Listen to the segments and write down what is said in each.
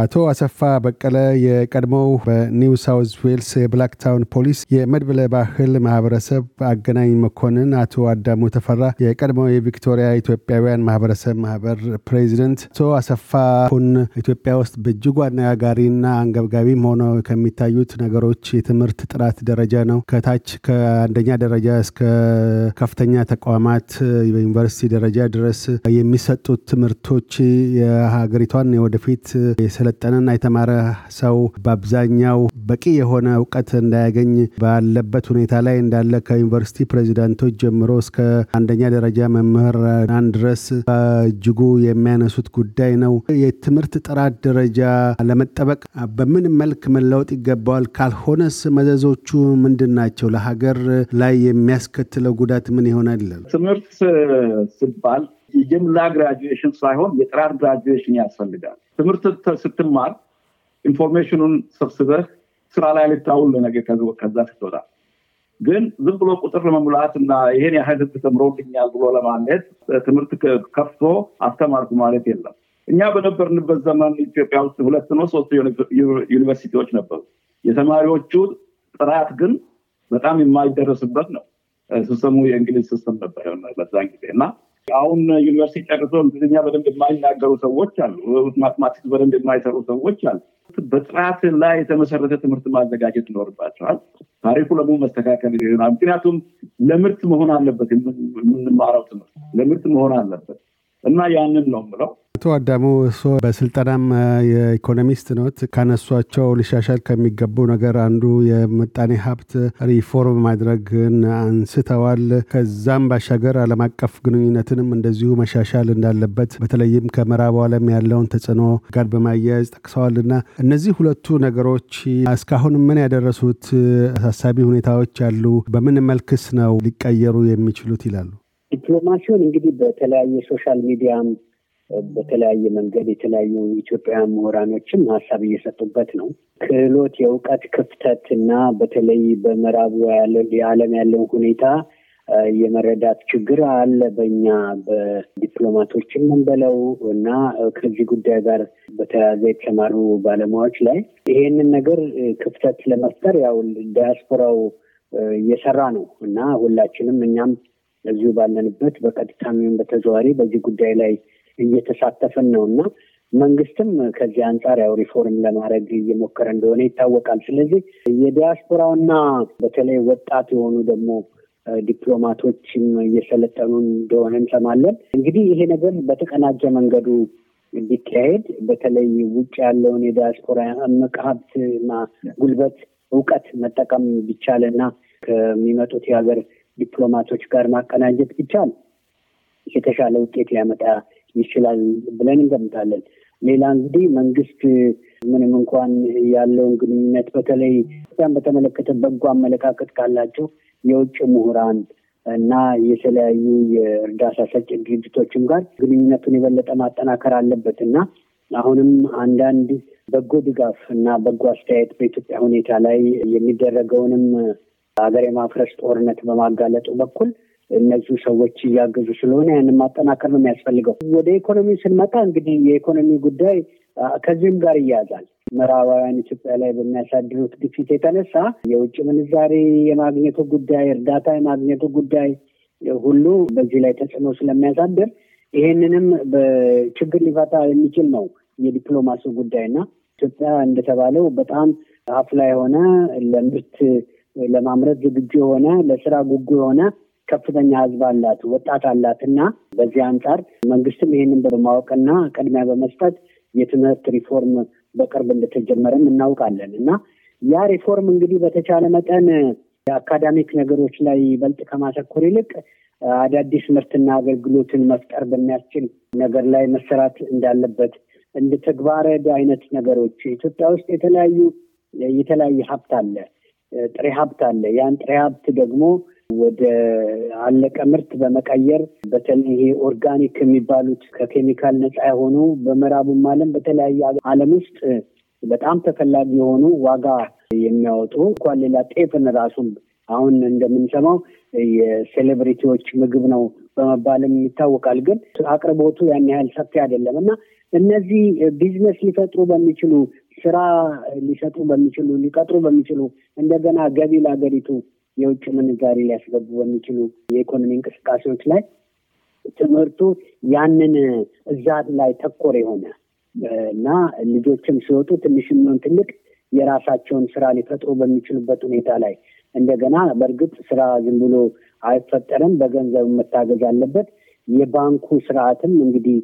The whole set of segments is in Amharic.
አቶ አሰፋ በቀለ የቀድሞው በኒው ሳውዝ ዌልስ የብላክታውን ፖሊስ የመድብለ ባህል ማህበረሰብ አገናኝ መኮንን፣ አቶ አዳሙ ተፈራ የቀድሞው የቪክቶሪያ ኢትዮጵያውያን ማህበረሰብ ማህበር ፕሬዚደንት። አቶ አሰፋ አሁን ኢትዮጵያ ውስጥ በእጅጉ አነጋጋሪና አንገብጋቢም ሆነው ከሚታዩት ነገሮች የትምህርት ጥራት ደረጃ ነው። ከታች ከአንደኛ ደረጃ እስከ ከፍተኛ ተቋማት በዩኒቨርሲቲ ደረጃ ድረስ የሚሰጡት ትምህርቶች የሀገሪቷን የወደፊት የሰለጠነና የተማረ ሰው በአብዛኛው በቂ የሆነ እውቀት እንዳያገኝ ባለበት ሁኔታ ላይ እንዳለ ከዩኒቨርሲቲ ፕሬዚዳንቶች ጀምሮ እስከ አንደኛ ደረጃ መምህራን ድረስ በእጅጉ የሚያነሱት ጉዳይ ነው። የትምህርት ጥራት ደረጃ ለመጠበቅ በምን መልክ መለወጥ ይገባዋል? ካልሆነስ መዘዞቹ ምንድን ናቸው? ለሀገር ላይ የሚያስከትለው ጉዳት ምን ይሆናል? ትምህርት ሲባል የጅምላ ግራጁዌሽን ሳይሆን የጥራት ግራጁዌሽን ያስፈልጋል። ትምህርት ስትማር ኢንፎርሜሽኑን ሰብስበህ ስራ ላይ ልታውል ነገ ከዛ ስትወጣ ግን ዝም ብሎ ቁጥር ለመሙላት እና ይሄን ያህል ህዝብ ተምሮልኛል ብሎ ለማለት ትምህርት ከፍቶ አስተማርኩ ማለት የለም። እኛ በነበርንበት ዘመን ኢትዮጵያ ውስጥ ሁለት ነው ሶስት ዩኒቨርሲቲዎች ነበሩ። የተማሪዎቹ ጥራት ግን በጣም የማይደረስበት ነው። ስሰሙ የእንግሊዝ ስስም ነበር በዛን ጊዜ እና አሁን ዩኒቨርሲቲ ጨርሶ እንግሊዝኛ በደንብ የማይናገሩ ሰዎች አሉ። ማትማቲክስ በደንብ የማይሰሩ ሰዎች አሉ። በጥራት ላይ የተመሰረተ ትምህርት ማዘጋጀት ይኖርባቸዋል። ካሪኩለሙ መስተካከል ይሆናል። ምክንያቱም ለምርት መሆን አለበት። የምንማረው ትምህርት ለምርት መሆን አለበት። እና ያንን ነው ምለው። አቶ አዳሙ እርሶ በስልጠናም የኢኮኖሚስት ኖት። ካነሷቸው ሊሻሻል ከሚገቡ ነገር አንዱ የምጣኔ ሀብት ሪፎርም ማድረግን አንስተዋል። ከዛም ባሻገር ዓለም አቀፍ ግንኙነትንም እንደዚሁ መሻሻል እንዳለበት በተለይም ከምዕራቡ ዓለም ያለውን ተጽዕኖ ጋር በማያያዝ ጠቅሰዋል እነዚህ ሁለቱ ነገሮች እስካሁን ምን ያደረሱት አሳሳቢ ሁኔታዎች አሉ? በምን መልክስ ነው ሊቀየሩ የሚችሉት ይላሉ? ዲፕሎማሲውን እንግዲህ በተለያየ ሶሻል ሚዲያም በተለያየ መንገድ የተለያዩ ኢትዮጵያውያን ምሁራኖችም ሀሳብ እየሰጡበት ነው። ክህሎት፣ የእውቀት ክፍተት እና በተለይ በምዕራቡ የዓለም ያለውን ሁኔታ የመረዳት ችግር አለ በኛ በዲፕሎማቶችም እንበለው እና ከዚህ ጉዳይ ጋር በተያያዘ የተሰማሩ ባለሙያዎች ላይ ይሄንን ነገር ክፍተት ለመፍጠር ያው ዲያስፖራው እየሰራ ነው እና ሁላችንም እኛም በዚሁ ባለንበት በቀጥታም በተዘዋሪ በዚህ ጉዳይ ላይ እየተሳተፍን ነው እና መንግስትም ከዚህ አንጻር ያው ሪፎርም ለማድረግ እየሞከረ እንደሆነ ይታወቃል። ስለዚህ የዲያስፖራውና በተለይ ወጣት የሆኑ ደግሞ ዲፕሎማቶችም እየሰለጠኑ እንደሆነ እንሰማለን። እንግዲህ ይሄ ነገር በተቀናጀ መንገዱ እንዲካሄድ በተለይ ውጭ ያለውን የዲያስፖራ እምቅ ሀብትና ጉልበት፣ እውቀት መጠቀም ቢቻልና ከሚመጡት የሀገር ዲፕሎማቶች ጋር ማቀናጀት ቢቻል የተሻለ ውጤት ሊያመጣ ይችላል ብለን እንገምታለን። ሌላ እንግዲህ መንግስት ምንም እንኳን ያለውን ግንኙነት በተለይ ኢትዮጵያን በተመለከተ በጎ አመለካከት ካላቸው የውጭ ምሁራን እና የተለያዩ የእርዳታ ሰጭ ድርጅቶችም ጋር ግንኙነቱን የበለጠ ማጠናከር አለበት እና አሁንም አንዳንድ በጎ ድጋፍ እና በጎ አስተያየት በኢትዮጵያ ሁኔታ ላይ የሚደረገውንም ሀገር የማፍረስ ጦርነት በማጋለጡ በኩል እነዚሁ ሰዎች እያገዙ ስለሆነ ያንን ማጠናከር ነው የሚያስፈልገው። ወደ ኢኮኖሚ ስንመጣ እንግዲህ የኢኮኖሚ ጉዳይ ከዚህም ጋር እያያዛል። ምዕራባውያን ኢትዮጵያ ላይ በሚያሳድሩት ግፊት የተነሳ የውጭ ምንዛሬ የማግኘቱ ጉዳይ፣ እርዳታ የማግኘቱ ጉዳይ ሁሉ በዚህ ላይ ተጽዕኖ ስለሚያሳድር ይሄንንም በችግር ሊፈታ የሚችል ነው የዲፕሎማሲ ጉዳይ እና ኢትዮጵያ እንደተባለው በጣም አፍላ የሆነ ለምርት ለማምረት ዝግጁ የሆነ ለስራ ጉጉ የሆነ ከፍተኛ ህዝብ አላት፣ ወጣት አላት እና በዚህ አንጻር መንግስትም ይህንን በማወቅና ቅድሚያ በመስጠት የትምህርት ሪፎርም በቅርብ እንደተጀመረም እናውቃለን እና ያ ሪፎርም እንግዲህ በተቻለ መጠን የአካዳሚክ ነገሮች ላይ ይበልጥ ከማተኮር ይልቅ አዳዲስ ምርትና አገልግሎትን መፍጠር በሚያስችል ነገር ላይ መሰራት እንዳለበት እንደ ተግባረ አይነት ነገሮች ኢትዮጵያ ውስጥ የተለያዩ የተለያየ ሀብት አለ። ጥሬ ሀብት አለ። ያን ጥሬ ሀብት ደግሞ ወደ አለቀ ምርት በመቀየር በተለይ ይሄ ኦርጋኒክ የሚባሉት ከኬሚካል ነፃ የሆኑ በምዕራቡም ዓለም በተለያየ ዓለም ውስጥ በጣም ተፈላጊ የሆኑ ዋጋ የሚያወጡ እንኳን ሌላ ጤፍን ራሱም አሁን እንደምንሰማው የሴሌብሪቲዎች ምግብ ነው በመባልም ይታወቃል። ግን አቅርቦቱ ያን ያህል ሰፊ አይደለም እና እነዚህ ቢዝነስ ሊፈጥሩ በሚችሉ ስራ ሊሰጡ በሚችሉ ሊቀጥሩ በሚችሉ እንደገና ገቢ ለሀገሪቱ የውጭ ምንዛሪ ሊያስገቡ በሚችሉ የኢኮኖሚ እንቅስቃሴዎች ላይ ትምህርቱ ያንን እዛ ላይ ተኮር የሆነ እና ልጆችም ሲወጡ ትንሽ የሚሆን ትልቅ የራሳቸውን ስራ ሊፈጥሩ በሚችሉበት ሁኔታ ላይ እንደገና በእርግጥ ስራ ዝም ብሎ አይፈጠርም፣ በገንዘብ መታገዝ አለበት። የባንኩ ስርዓትም እንግዲህ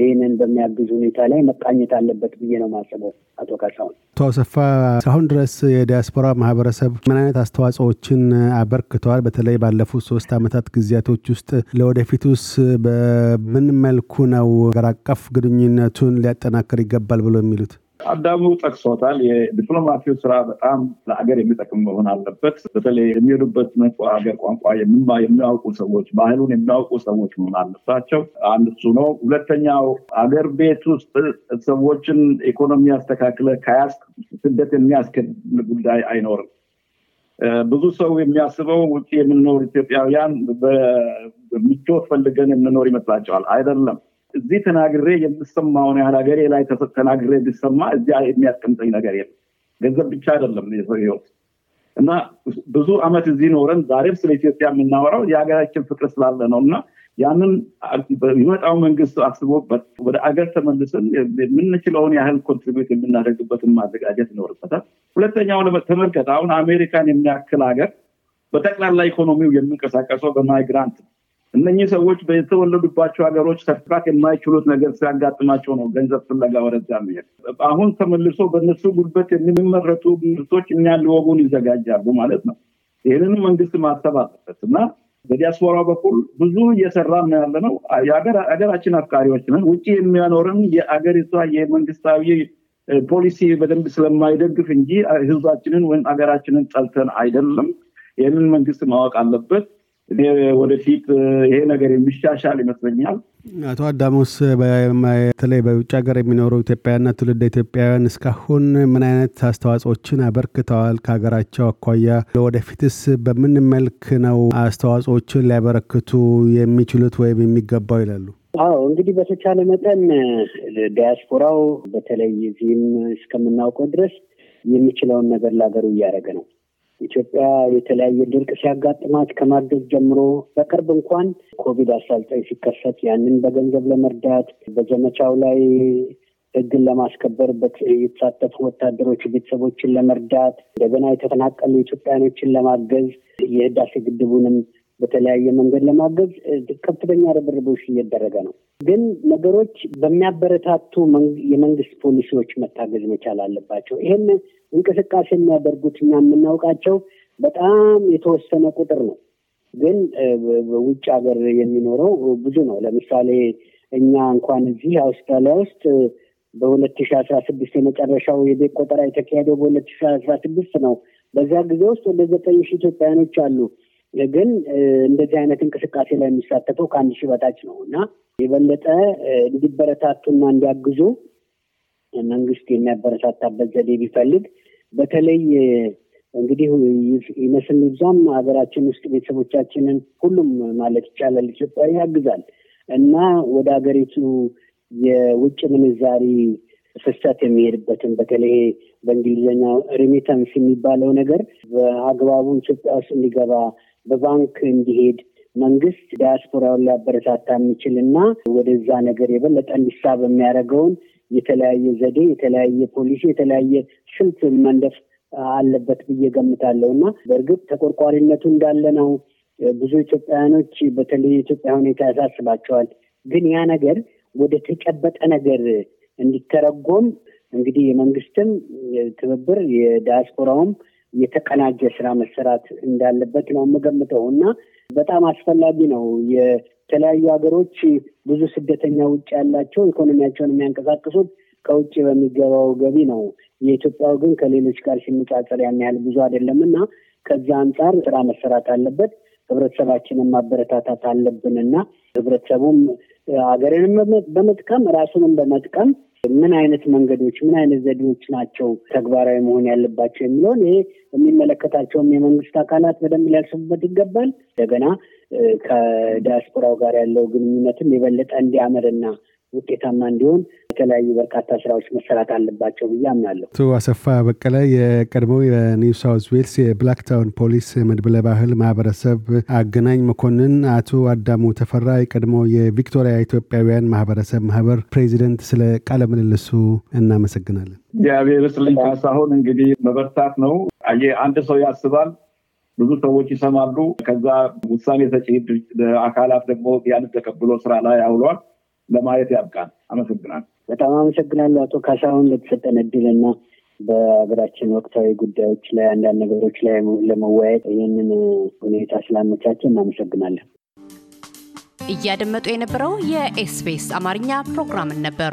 ይህንን በሚያግዝ ሁኔታ ላይ መቃኘት አለበት ብዬ ነው ማስበው። አቶ ካሳሁን አቶ አሰፋ እስካሁን ድረስ የዲያስፖራ ማህበረሰብ ምን አይነት አስተዋጽኦዎችን አበርክተዋል? በተለይ ባለፉት ሶስት ዓመታት ጊዜያቶች ውስጥ ለወደፊቱስ በምን መልኩ ነው አገር አቀፍ ግንኙነቱን ሊያጠናክር ይገባል ብሎ የሚሉት? አዳሙ ጠቅሶታል። የዲፕሎማሲው ስራ በጣም ለሀገር የሚጠቅም መሆን አለበት። በተለይ የሚሄዱበት መጥፎ ሀገር ቋንቋ የሚያውቁ ሰዎች፣ ባህሉን የሚያውቁ ሰዎች መሆን አለባቸው። አንድ እሱ ነው። ሁለተኛው ሀገር ቤት ውስጥ ሰዎችን ኢኮኖሚ ያስተካክለ ከያስ ስደት የሚያስገድ ጉዳይ አይኖርም። ብዙ ሰው የሚያስበው ውጭ የምንኖር ኢትዮጵያውያን በምቾት ፈልገን የምንኖር ይመስላቸዋል። አይደለም። እዚህ ተናግሬ የምሰማውን ያህል ሀገሬ ላይ ተናግሬ ቢሰማ እዚያ የሚያስቀምጠኝ ነገር የለም። ገንዘብ ብቻ አይደለም የሰው ህይወት እና ብዙ አመት እዚህ ኖረን ዛሬም ስለ ኢትዮጵያ የምናወራው የሀገራችን ፍቅር ስላለ ነው እና ያንን የሚመጣው መንግስት አስቦበት ወደ አገር ተመልሰን የምንችለውን ያህል ኮንትሪቢዩት የምናደርግበትን ማዘጋጀት ይኖርበታል። ሁለተኛው ተመልከት፣ አሁን አሜሪካን የሚያክል ሀገር በጠቅላላ ኢኮኖሚው የምንቀሳቀሰው በማይግራንት እነኚህ ሰዎች በተወለዱባቸው ሀገሮች ተስፋት የማይችሉት ነገር ሲያጋጥማቸው ነው ገንዘብ ፍለጋ ወደዛ መሄድ። አሁን ተመልሶ በእነሱ ጉልበት የሚመረጡ ምርቶች እኛን ሊወጉን ይዘጋጃሉ ማለት ነው። ይህንን መንግስት ማሰብ አለበት እና በዲያስፖራ በኩል ብዙ እየሰራ ነው ያለ ነው። ሀገራችን አፍቃሪዎች ነን። ውጭ የሚያኖርን የአገሪቷ የመንግስታዊ ፖሊሲ በደንብ ስለማይደግፍ እንጂ ህዝባችንን ወይም ሀገራችንን ጠልተን አይደለም። ይህንን መንግስት ማወቅ አለበት። ወደፊት ይሄ ነገር የሚሻሻል ይመስለኛል። አቶ አዳሞስ በተለይ በውጭ ሀገር የሚኖሩ ኢትዮጵያውያንና ትውልድ ኢትዮጵያውያን እስካሁን ምን አይነት አስተዋጽኦችን አበርክተዋል? ከሀገራቸው አኳያ ለወደፊትስ በምን መልክ ነው አስተዋጽኦችን ሊያበረክቱ የሚችሉት ወይም የሚገባው ይላሉ? አዎ እንግዲህ በተቻለ መጠን ዲያስፖራው በተለይ እዚህም እስከምናውቀው ድረስ የሚችለውን ነገር ለሀገሩ እያደረገ ነው። ኢትዮጵያ የተለያየ ድርቅ ሲያጋጥማት ከማገዝ ጀምሮ በቅርብ እንኳን ኮቪድ አስራ ዘጠኝ ሲከሰት ያንን በገንዘብ ለመርዳት በዘመቻው ላይ ህግን ለማስከበር የተሳተፉ ወታደሮች ቤተሰቦችን ለመርዳት እንደገና የተፈናቀሉ ኢትዮጵያኖችን ለማገዝ የህዳሴ ግድቡንም በተለያየ መንገድ ለማገዝ ከፍተኛ ርብርቦች እየደረገ ነው። ግን ነገሮች በሚያበረታቱ የመንግስት ፖሊሲዎች መታገዝ መቻል አለባቸው። ይህን እንቅስቃሴ የሚያደርጉት እኛ የምናውቃቸው በጣም የተወሰነ ቁጥር ነው። ግን ውጭ ሀገር የሚኖረው ብዙ ነው። ለምሳሌ እኛ እንኳን እዚህ አውስትራሊያ ውስጥ በሁለት ሺ አስራ ስድስት የመጨረሻው የቤት ቆጠራ የተካሄደው በሁለት ሺ አስራ ስድስት ነው። በዚያ ጊዜ ውስጥ ወደ ዘጠኝ ሺ ኢትዮጵያውያኖች አሉ። ግን እንደዚህ አይነት እንቅስቃሴ ላይ የሚሳተፈው ከአንድ ሺህ በታች ነው እና የበለጠ እንዲበረታቱና እንዲያግዙ መንግስት የሚያበረታታበት ዘዴ ቢፈልግ በተለይ እንግዲህ ይነስም ይብዛም ሀገራችን ውስጥ ቤተሰቦቻችንን ሁሉም ማለት ይቻላል ኢትዮጵያ ያግዛል እና ወደ ሀገሪቱ የውጭ ምንዛሪ ፍሰት የሚሄድበትን በተለይ በእንግሊዝኛ ሪሚተንስ የሚባለው ነገር በአግባቡ ኢትዮጵያ ውስጥ እንዲገባ በባንክ እንዲሄድ መንግስት ዲያስፖራውን ሊያበረታታ የሚችል እና ወደዛ ነገር የበለጠ እንዲሳብ የሚያደርገውን የተለያየ ዘዴ፣ የተለያየ ፖሊሲ፣ የተለያየ ስልት መንደፍ አለበት ብዬ ገምታለሁ እና በእርግጥ ተቆርቋሪነቱ እንዳለ ነው። ብዙ ኢትዮጵያውያኖች በተለይ የኢትዮጵያ ሁኔታ ያሳስባቸዋል። ግን ያ ነገር ወደ ተጨበጠ ነገር እንዲተረጎም እንግዲህ የመንግስትም ትብብር የዲያስፖራውም የተቀናጀ ስራ መሰራት እንዳለበት ነው የምገምተው እና በጣም አስፈላጊ ነው። የተለያዩ ሀገሮች ብዙ ስደተኛ ውጭ ያላቸው ኢኮኖሚያቸውን የሚያንቀሳቅሱት ከውጭ በሚገባው ገቢ ነው። የኢትዮጵያው ግን ከሌሎች ጋር ሲነጻጸር ያን ያህል ብዙ አይደለም እና ከዚያ አንጻር ስራ መሰራት አለበት። ህብረተሰባችንን ማበረታታት አለብን እና ህብረተሰቡም ሀገርንም በመጥቀም ራሱንም በመጥቀም ምን አይነት መንገዶች ምን አይነት ዘዴዎች ናቸው ተግባራዊ መሆን ያለባቸው የሚለውን ይሄ የሚመለከታቸውም የመንግስት አካላት በደንብ ሊያስቡበት ይገባል። እንደገና ከዲያስፖራው ጋር ያለው ግንኙነትም የበለጠ እንዲያምርና ውጤታማ እንዲሆን የተለያዩ በርካታ ስራዎች መሰራት አለባቸው ብዬ አምናለሁ። አቶ አሰፋ በቀለ የቀድሞ የኒው ሳውዝ ዌልስ የብላክታውን ፖሊስ መድብለ ባህል ማህበረሰብ አገናኝ መኮንን፣ አቶ አዳሙ ተፈራ የቀድሞ የቪክቶሪያ ኢትዮጵያውያን ማህበረሰብ ማህበር ፕሬዚደንት፣ ስለ ቃለ ምልልሱ እናመሰግናለን። እግዚአብሔር ይስጥልኝ። ካሳሁን እንግዲህ መበርታት ነው። አየህ አንድ ሰው ያስባል ብዙ ሰዎች ይሰማሉ። ከዛ ውሳኔ ሰጪ አካላት ደግሞ ያን ተቀብሎ ስራ ላይ አውሏል። ለማየት ያብቃል። አመሰግናል። በጣም አመሰግናለሁ አቶ ካሳሁን ለተሰጠን እድልና በሀገራችን ወቅታዊ ጉዳዮች ላይ አንዳንድ ነገሮች ላይ ለመወያየት ይህንን ሁኔታ ስላመቻችን እናመሰግናለን። እያደመጡ የነበረው የኤስቢኤስ አማርኛ ፕሮግራምን ነበር።